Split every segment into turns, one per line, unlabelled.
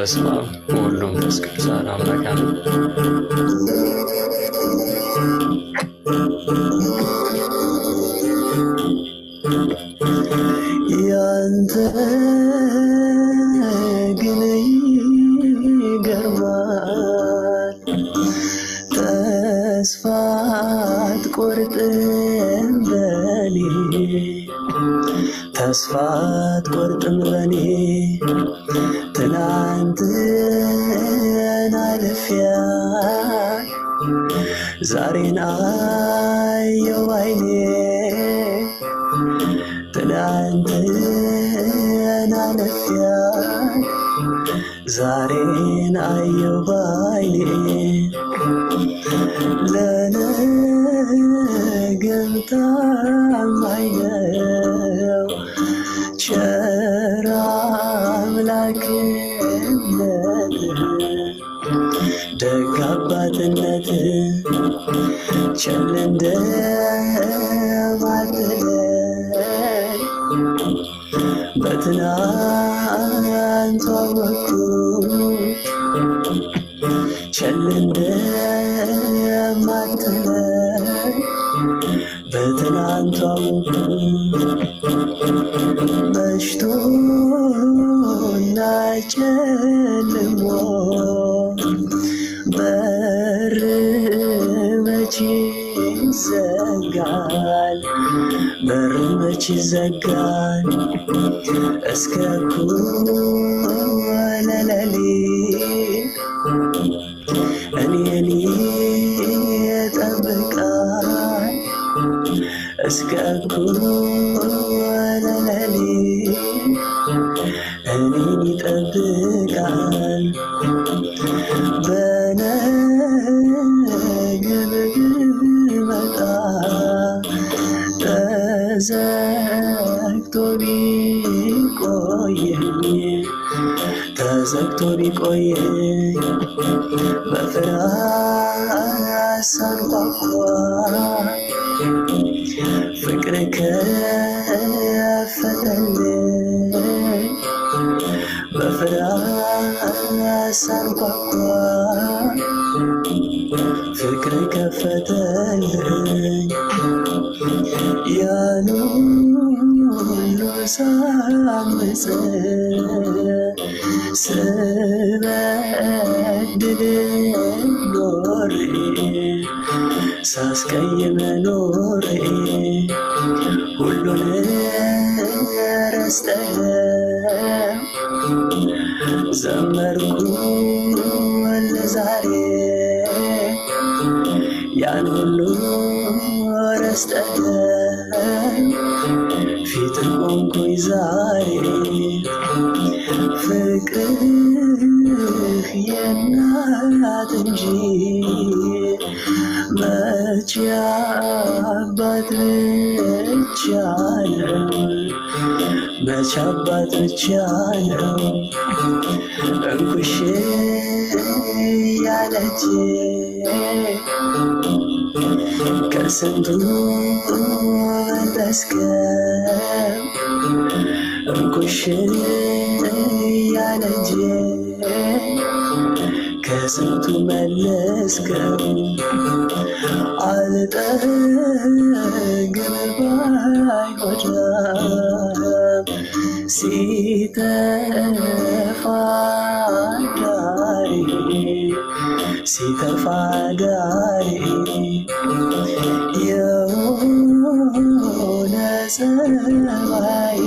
በስመ አብ ወወልድ ወመንፈስ ቅዱስ አሐዱ አምላክ አሜን።
ያንተ ግን ይገርማል፣ ተስፋ አትቆርጥም በኔ በኔ ትናንትን አልፊያ ዛሬን አየው አይኔ ትናንትን አልፊያ ዛሬን አየው ባይኔ ለነገም ታማኝ ነው በቸርነትህ ቸል እንደማልልህ በትናንቷ በኩል ቸል እንደማትለኝ በትናንቷ በኩል በሽቶና ጨልሞ በር መቼ ይዘጋል? በር መቼ ይዘጋል? እስከ እኩለ ሌሊት እኔን ይጠብቃል እስከ እኩለ ሌሊት እኔን ይጠብቃል። ተዘግቶ ቢቆየ ተዘግቶ ቢቆየ በፍርሃት ሳንኳኳ ፍቅር ከፈተልኝ በፍርሃት ፍቅር ከፈተልኝ ያሉ ሁሉ ሳምፅ ስበድል ኖሬ ሳስቀይም ኖሬ ሁሉንም ረስተህ ዘመርኩ ለዛሬ ያን ሁሉ ረስተህ ሆይ ዛሬ ፍቅርህ የእናት እንጂ መቼ አባት ብቻ ነው መቼ አባት ብቻ ነው እንኩሽ ያለች ከስንቱ በስቀር እንኩሽን እያለጄ ከስንቱ መለስከው አልጠግብ ባይሆንም ሲተፋ ሲከፋ ጋሪ የሆነ ጸባይ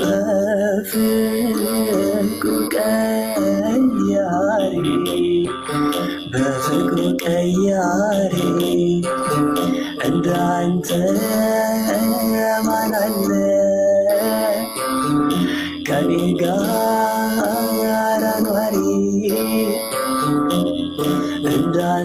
በፍቅሩ ቀያሪ በፍቅሩ ቀያሪ እንዳንተ ማን አለ ከኔ ጋር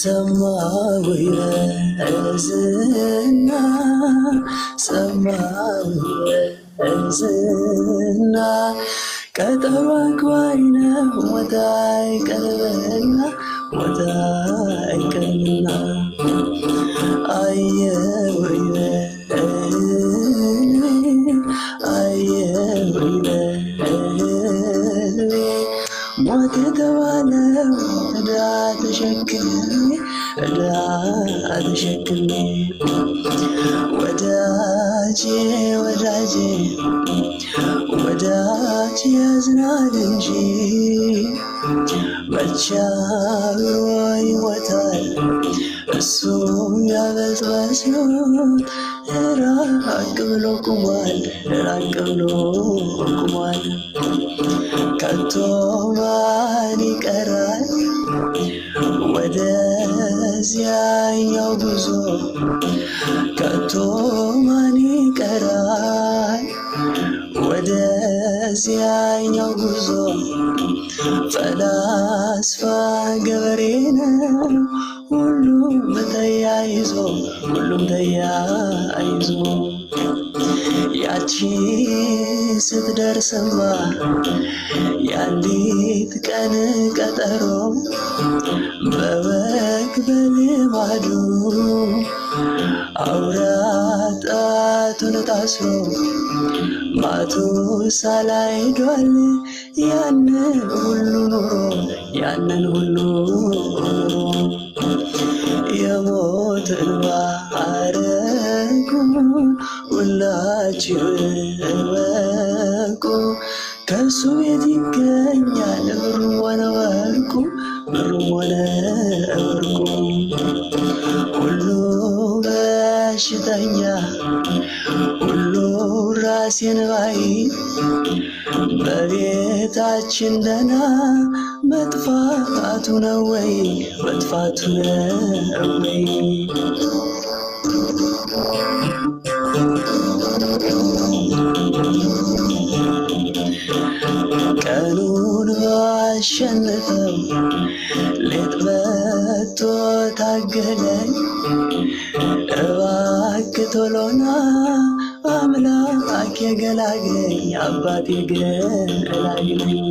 ሰማዊ እዝና ሰማዊ እዝና ቀጠሮ አክባሪ ነው ሞታ አይቀርና ሞታ አይቀርና ወዳጄ ወዳጄ ወዳጄ ያዝናል እንጂ መቻብሮ ይወጣል እሱም ያበጥባጭ ራቅ ብሎ ቁሟል ራቅ ብሎ ቁሟል ከቶ ማን ይቀራል ወደ በዚያኛው ጉዞ ከቶ ማን ይቀራል? ወደዚያኛው ጉዞ ፈላስፋ ገበሬ ነው። ሁሉም ተያይዞ ሁሉም ተያይዞ ያቺ ስትደርስማ የአንዲት ቀን ቀጠሮ በበ በልማዱ አውራ ጣቱን ጣስሮ ማቱ ሳላይዷል ያንን ሁሉ ኑሮ ያንን ሁሉ ኑሮ የሞትን ባረጉን ሁላችሁ እወቁ ከሱ የት ይገኛል ብሩ ወነወርቁ ብሩም ሆነ ወርቁም ሁሉ በሽተኛ ሁሉ ራሴን ባይ በቤታችን ደና መጥፋቱ ነው ወይ መጥፋቱ ነው ወይ? ቀኑን ላሸንፈው ሌት ታገለኝ። እባክህ ቶሎና አምላክ የገላገኝ አባቴ ገላግለኝ።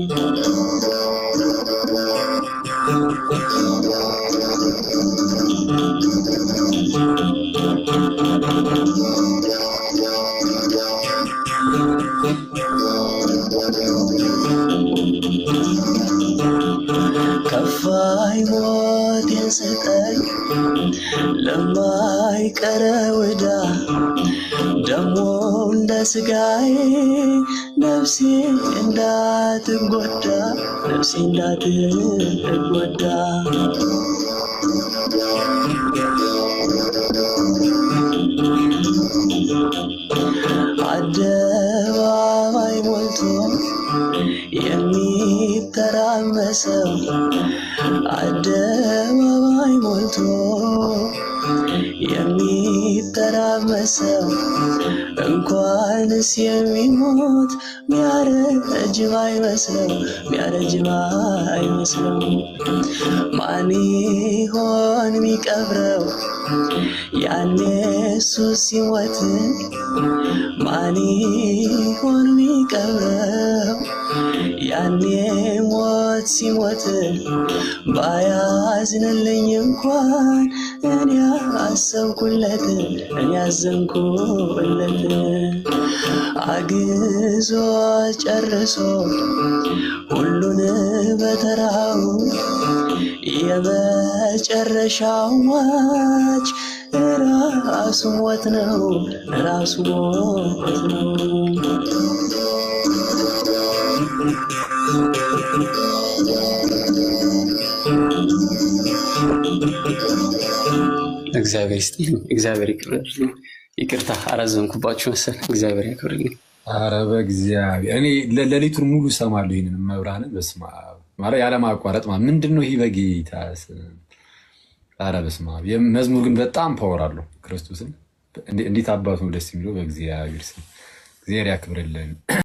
ለማይቀረ ወዳ ደሞ እንደ ስጋዬ ነፍሴ እንዳትጎዳ ነፍሴ እንዳትጎዳ አደባባይ ሞልቶ የሚተራመሰው አደባባይ ሞልቶ የሚተራመሰው እንኳንስ የሚሞት ሚያረጅ ባይመስለው ሚያረጅ ባይመስለው ማን ይሆን ሚቀብረው ያኔ እሱ ሲሞት ማን ይሆን ሚቀብረው ያኔ ሞት ሲሞት ባያዝንልኝ እንኳን እኔ አሰብኩለት እኔ አዘንኩለት አግዞ ጨርሶ ሁሉን በተራው የመጨረሻው ሟች ራሱ ሞት ነው ራሱ ሞት ነው።
እግዚአብሔር ይስጥልኝ። እግዚአብሔር ይክብርልኝ። ይቅርታ አራዘምኩባችሁ መሰል። እግዚአብሔር ያክብርልኝ።
ኧረ በእግዚአብሔር እኔ ሌሊቱን ሙሉ እሰማለሁ ይህንን መብራንን በስመ አብ ማለት ያለማቋረጥ ምንድን ነው ይህ በጌታ ኧረ በስመ አብ መዝሙር ግን በጣም ፓወር አለው። ክርስቶስን እንዴት አባቱ ደስ የሚለው በእግዚአብሔር ስም። እግዚአብሔር ያክብርልን።